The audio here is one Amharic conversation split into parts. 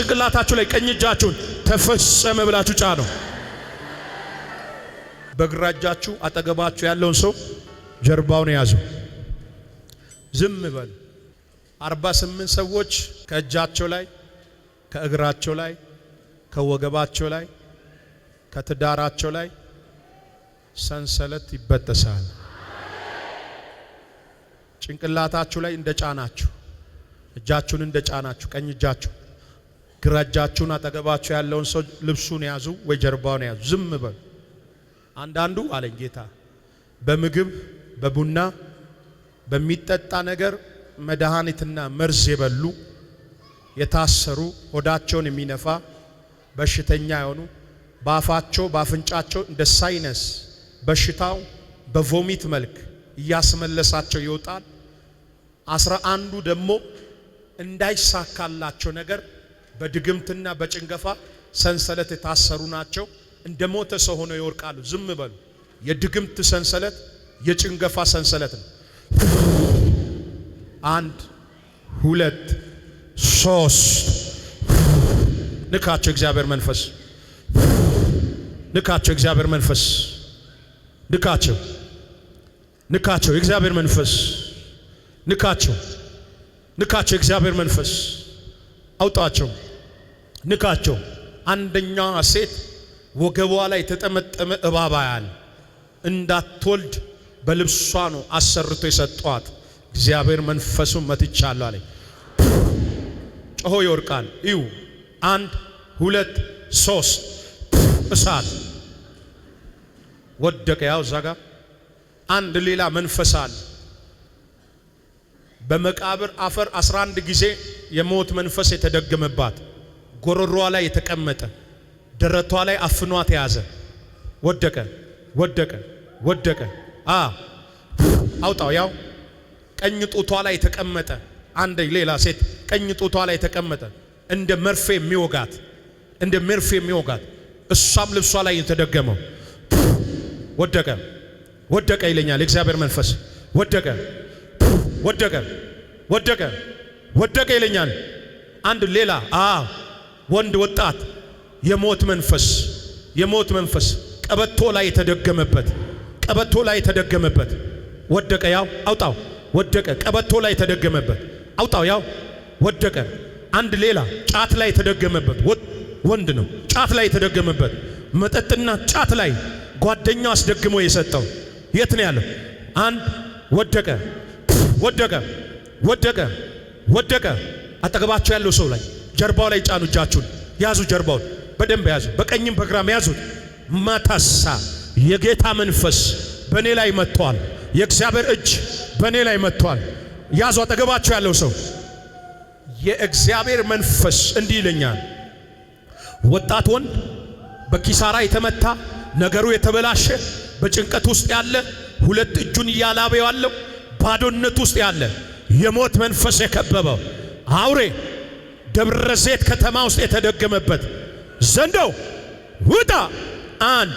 ጭንቅላታችሁ ላይ ቀኝ እጃችሁን ተፈጸመ ብላችሁ ጫኑ። በግራ እጃችሁ አጠገባችሁ ያለውን ሰው ጀርባውን ያዙ። ዝም በሉ። አርባ ስምንት ሰዎች ከእጃቸው ላይ፣ ከእግራቸው ላይ፣ ከወገባቸው ላይ፣ ከትዳራቸው ላይ ሰንሰለት ይበጠሳል። ጭንቅላታችሁ ላይ እንደ ጫናችሁ፣ እጃችሁን እንደ ጫናችሁ ቀኝ እጃችሁ ግራ አጠገባችሁ ያለውን ሰው ልብሱን ያዙ ወይ ጀርባውን ያዙ። ዝም በሉ። አንዳንዱ አለኝ ጌታ በምግብ በቡና በሚጠጣ ነገር መድኃኒትና መርዝ የበሉ የታሰሩ ሆዳቸውን የሚነፋ በሽተኛ የሆኑ በአፋቸው በአፍንጫቸው እንደ ሳይነስ በሽታው በቮሚት መልክ እያስመለሳቸው ይወጣል። አስራ አንዱ ደግሞ እንዳይሳካላቸው ነገር በድግምትና በጭንገፋ ሰንሰለት የታሰሩ ናቸው። እንደ ሞተ ሰው ሆነው ይወርቃሉ። ዝም በሉ። የድግምት ሰንሰለት የጭንገፋ ሰንሰለት ነው። አንድ ሁለት ሶስት ንካቸው። እግዚአብሔር መንፈስ ንካቸው። እግዚአብሔር መንፈስ ንካቸው። ንካቸው። የእግዚአብሔር መንፈስ ንካቸው። ንካቸው። እግዚአብሔር መንፈስ አውጣቸው። ንካቸው። አንደኛ ሴት ወገቧ ላይ የተጠመጠመ እባብ ያያል። እንዳትወልድ በልብሷ ነው አሰርቶ የሰጧት። እግዚአብሔር መንፈሱን መትቻለሁ አለ። ጮሆ ይወርቃል። እዩ አንድ ሁለት ሶስት እሳት ወደቀ። ያው እዛ ጋር አንድ ሌላ መንፈስ አለ። በመቃብር አፈር 11 ጊዜ የሞት መንፈስ የተደገመባት ጎሮሮዋ ላይ የተቀመጠ ደረቷ ላይ አፍኗ ተያዘ። ወደቀ ወደቀ ወደቀ። አ አውጣው ያው ቀኝ ጡቷ ላይ የተቀመጠ አንድ ሌላ ሴት ቀኝ ጡቷ ላይ የተቀመጠ እንደ መርፌ የሚወጋት እንደ መርፌ የሚወጋት እሷም ልብሷ ላይ የተደገመው ወደቀ ወደቀ ይለኛል እግዚአብሔር መንፈስ ወደቀ ወደቀ ወደቀ ወደቀ ይለኛል። አንድ ሌላ አ ወንድ ወጣት የሞት መንፈስ የሞት መንፈስ ቀበቶ ላይ የተደገመበት ቀበቶ ላይ የተደገመበት ወደቀ። ያው አውጣው ወደቀ። ቀበቶ ላይ የተደገመበት አውጣው ያው ወደቀ። አንድ ሌላ ጫት ላይ የተደገመበት ወንድ ነው። ጫት ላይ የተደገመበት መጠጥና ጫት ላይ ጓደኛው አስደግሞ የሰጠው የት ነው ያለው? አንድ ወደቀ፣ ወደቀ፣ ወደቀ፣ ወደቀ አጠገባቸው ያለው ሰው ላይ ጀርባው ላይ ጫኑ። እጃችሁን ያዙ። ጀርባውን በደንብ ያዙ። በቀኝም በግራም ያዙት። ማታሳ የጌታ መንፈስ በእኔ ላይ መጥቷል። የእግዚአብሔር እጅ በእኔ ላይ መጥቷል። ያዙ። አጠገባችሁ ያለው ሰው የእግዚአብሔር መንፈስ እንዲህ ይለኛል። ወጣት ወንድ በኪሳራ የተመታ ነገሩ የተበላሸ በጭንቀት ውስጥ ያለ ሁለት እጁን እያላበ ያለው ባዶነት ውስጥ ያለ የሞት መንፈስ የከበበው አውሬ ደብረ ዘይት ከተማ ውስጥ የተደገመበት ዘንዶ ውጣ አንድ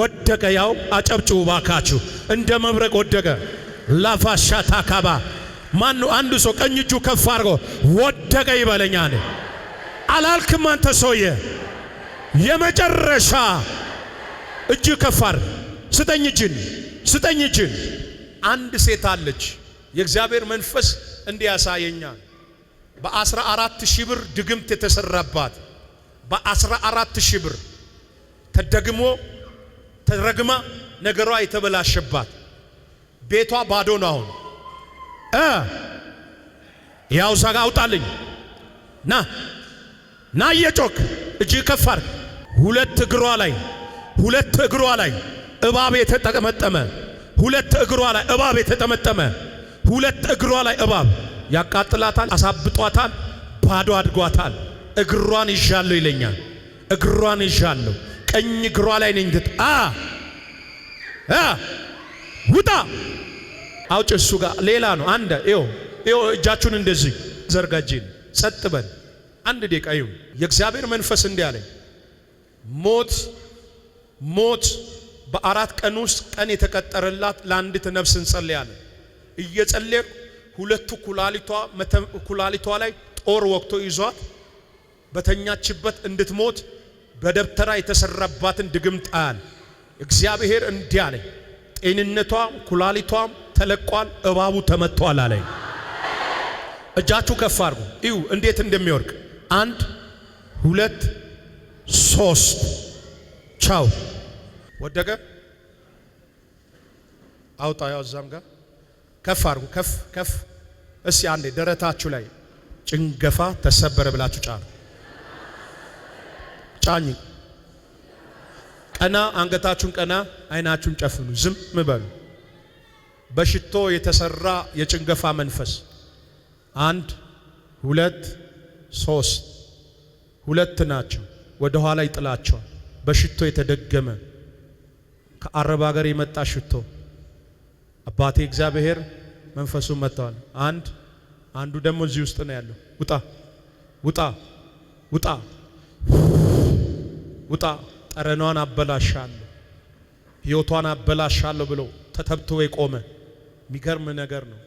ወደቀ። ያው አጨብጭቡ ባካችሁ፣ እንደ መብረቅ ወደቀ። ላፋሻ ታካባ ማኑ አንዱ ሰው ቀኝ እጁ ከፍ አድርጎ ወደቀ ይበለኛ ነ አላልክም? አንተ ሰውዬ የመጨረሻ እጅ ከፍ አድርግ። ስጠኝ እጅን፣ ስጠኝ እጅን። አንድ ሴት አለች። የእግዚአብሔር መንፈስ እንዲያሳየኛ በአስራ አራት ሺህ ብር ድግምት የተሰራባት በአስራ አራት ሺህ ብር ተደግሞ ተረግማ ነገሯ የተበላሸባት ቤቷ ባዶ ነው። አሁን እ ያው ዛጋ አውጣልኝ ና ና እየጮክ እጅ ከፋር ሁለት እግሯ ላይ ሁለት እግሯ ላይ እባብ የተጠመጠመ ሁለት እግሯ ላይ እባብ የተጠመጠመ ሁለት እግሯ ላይ እባብ ያቃጥላታል፣ አሳብጧታል፣ ባዶ አድጓታል። እግሯን ይዣለሁ ይለኛል። እግሯን ይዣለሁ፣ ቀኝ እግሯ ላይ ነኝ። አ ውጣ አውጭ እሱ ጋር ሌላ ነው። አንደ ይኸው ይኸው እጃችሁን እንደዚህ ዘርጋጅን ጸጥ በል አንድ ደቂቃ ይሁን። የእግዚአብሔር መንፈስ እንዲህ አለኝ፣ ሞት ሞት በአራት ቀን ውስጥ ቀን የተቀጠረላት ለአንዲት ነፍስ እንጸልያለን እየጸለየው ሁለቱ ኩላሊቷ ላይ ጦር ወቅቶ ይዟት በተኛችበት እንድትሞት በደብተራ የተሰራባትን ድግምት አያል። እግዚአብሔር እንዲህ አለኝ፣ ጤንነቷም ኩላሊቷም ተለቋል፣ እባቡ ተመቷል አለኝ። እጃችሁ ከፍ አድርጉ እዩ እንዴት እንደሚወርቅ። አንድ ሁለት ሶስት፣ ቻው። ወደቀ። አውጣ ያው እዛም ጋር ከፍ አርጉ ከፍ ከፍ። እስቲ አንዴ ደረታችሁ ላይ ጭንገፋ ተሰበረ ብላችሁ ጫኑ። ጫኝ ቀና፣ አንገታችሁን ቀና፣ አይናችሁን ጨፍኑ፣ ዝም በሉ። በሽቶ የተሰራ የጭንገፋ መንፈስ አንድ ሁለት ሶስት ሁለት ናቸው። ወደ ኋላ ይጥላቸዋል። በሽቶ የተደገመ ከአረብ ሀገር የመጣ ሽቶ አባቴ እግዚአብሔር መንፈሱን መጥተዋል። አንድ አንዱ ደግሞ እዚህ ውስጥ ነው ያለው። ውጣ ውጣ ውጣ ውጣ፣ ጠረኗን አበላሻለሁ፣ ህይወቷን አበላሻለሁ ብሎ ተተብቶ የቆመ የሚገርም ነገር ነው።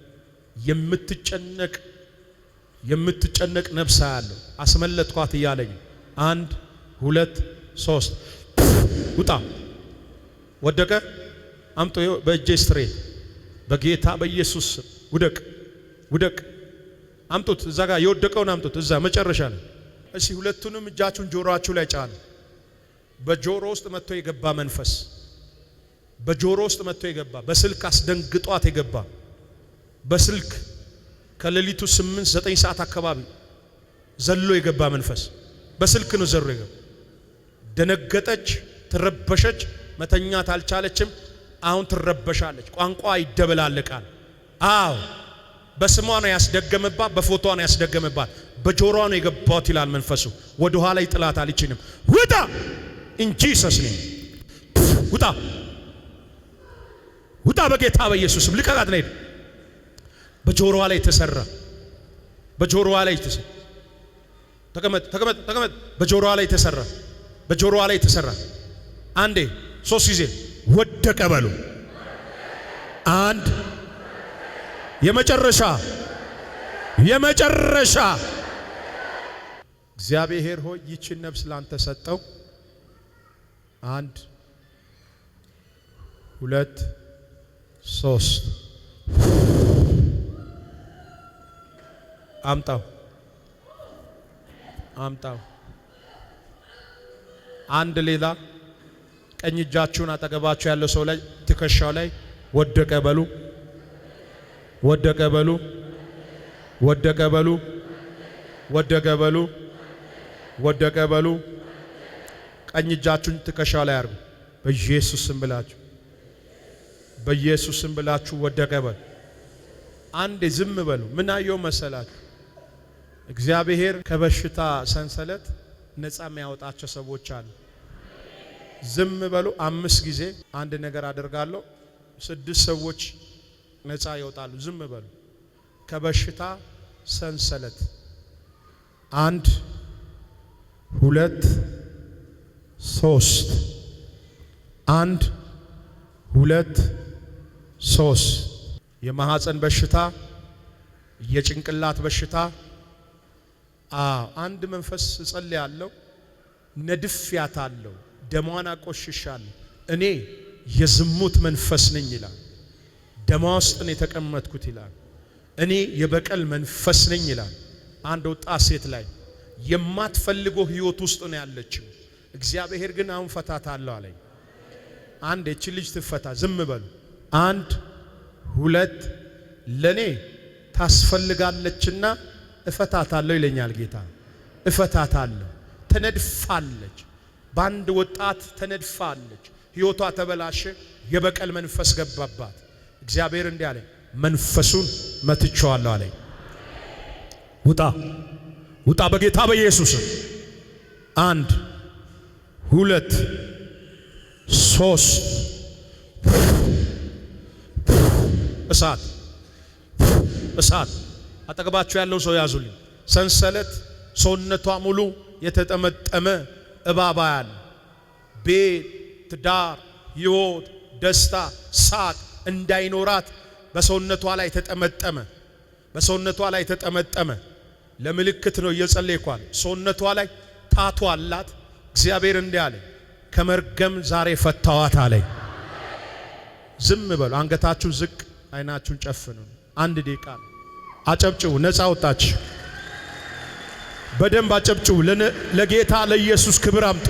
የምትጨነቅ የምትጨነቅ ነፍስ ያለው አስመለጥኳት እያለኝ አንድ ሁለት ሶስት ውጣ ወደቀ አምጦ በእጄ ስትሬት በጌታ በኢየሱስ ውደቅ፣ ውደቅ። አምጡት፣ እዛ ጋር የወደቀውን አምጡት። እዛ መጨረሻ ነው። እሺ፣ ሁለቱንም እጃችሁን ጆሮአችሁ ላይ ጫኑ። በጆሮ ውስጥ መጥቶ የገባ መንፈስ፣ በጆሮ ውስጥ መጥቶ የገባ በስልክ አስደንግጧት የገባ በስልክ ከሌሊቱ 8 9 ሰዓት አካባቢ ዘሎ የገባ መንፈስ በስልክ ነው ዘሎ የገባ። ደነገጠች፣ ትረበሸች፣ መተኛት አልቻለችም። አሁን ትረበሻለች። ቋንቋ ይደበላልቃል። አዎ በስሟ ነው ያስደገመባት፣ በፎቶዋ ነው ያስደገመባት፣ በጆሮዋ ነው የገባት ይላል መንፈሱ። ወደ ኋላ ይጥላት አልችንም። ውጣ እንጂ ሰስኔ ውጣ፣ ውጣ በጌታ በኢየሱስም ልቀቃት ነው። በጆሮዋ ላይ ተሰራ፣ በጆሮዋ ላይ ተሰራ። ተቀመጥ፣ ተቀመጥ፣ ተቀመጥ። በጆሮዋ ላይ ተሰራ፣ በጆሮዋ ላይ ተሰራ። አንዴ ሶስት ጊዜ ወደቀ በሉ። አንድ የመጨረሻ የመጨረሻ እግዚአብሔር ሆይ ይችን ነፍስ ላንተ ሰጠው። አንድ ሁለት ሶስት አምጣው አምጣው አንድ ሌላ ቀኝ እጃችሁን አጠገባችሁ ያለው ሰው ላይ ትከሻው ላይ ወደቀ በሉ፣ ወደቀ በሉ፣ ወደቀ በሉ፣ ወደቀ በሉ፣ ወደቀ በሉ። ቀኝ እጃችሁን ትከሻው ላይ አርጉ። በኢየሱስ ስም ብላችሁ በኢየሱስ ስም ብላችሁ ወደቀ በሉ። አንዴ ዝም በሉ። ምን አየው መሰላችሁ? እግዚአብሔር ከበሽታ ሰንሰለት ነፃ የሚያወጣቸው ሰዎች አሉ። ዝም በሉ። አምስት ጊዜ አንድ ነገር አደርጋለሁ። ስድስት ሰዎች ነፃ ይወጣሉ። ዝም በሉ። ከበሽታ ሰንሰለት አንድ ሁለት ሶስት፣ አንድ ሁለት ሶስት። የማህፀን በሽታ፣ የጭንቅላት በሽታ። አንድ መንፈስ እጸልያለሁ፣ ነድፍ ያታለሁ ደሟን አቆሽሻል። እኔ የዝሙት መንፈስ ነኝ ይላል። ደማ ውስጥ ነው የተቀመጥኩት ይላል። እኔ የበቀል መንፈስ ነኝ ይላል። አንድ ወጣት ሴት ላይ የማትፈልገው ህይወት ውስጥ ነው ያለችው። እግዚአብሔር ግን አሁን ፈታታለሁ አለኝ። አንድ እቺ ልጅ ትፈታ። ዝም በሉ። አንድ ሁለት፣ ለኔ ታስፈልጋለችና እፈታታለሁ ይለኛል ጌታ። እፈታታለሁ። ተነድፋለች በአንድ ወጣት ተነድፋለች። ሕይወቷ ተበላሸ። የበቀል መንፈስ ገባባት። እግዚአብሔር እንዲህ አለኝ፣ መንፈሱን መትቼዋለሁ አለኝ። ውጣ ውጣ፣ በጌታ በኢየሱስም። አንድ ሁለት ሶስት፣ እሳት እሳት። አጠገባችሁ ያለው ሰው ያዙልኝ። ሰንሰለት ሰውነቷ ሙሉ የተጠመጠመ እባባያን ቤት፣ ትዳር፣ ህይወት፣ ደስታ፣ ሳቅ እንዳይኖራት በሰውነቷ ላይ ተጠመጠመ። በሰውነቷ ላይ ተጠመጠመ። ለምልክት ነው እየጸለይኳል። ሰውነቷ ላይ ታቱ አላት። እግዚአብሔር እንዲህ አለ፣ ከመርገም ዛሬ ፈታዋት አለኝ። ዝም በሉ። አንገታችሁ ዝቅ፣ አይናችሁን ጨፍኑ። አንድ ደቂቃ አጨብጭቡ። ነፃ ወጣችሁ። በደንብ አጨብጭቡ። ለጌታ ለኢየሱስ ክብር አምጡ።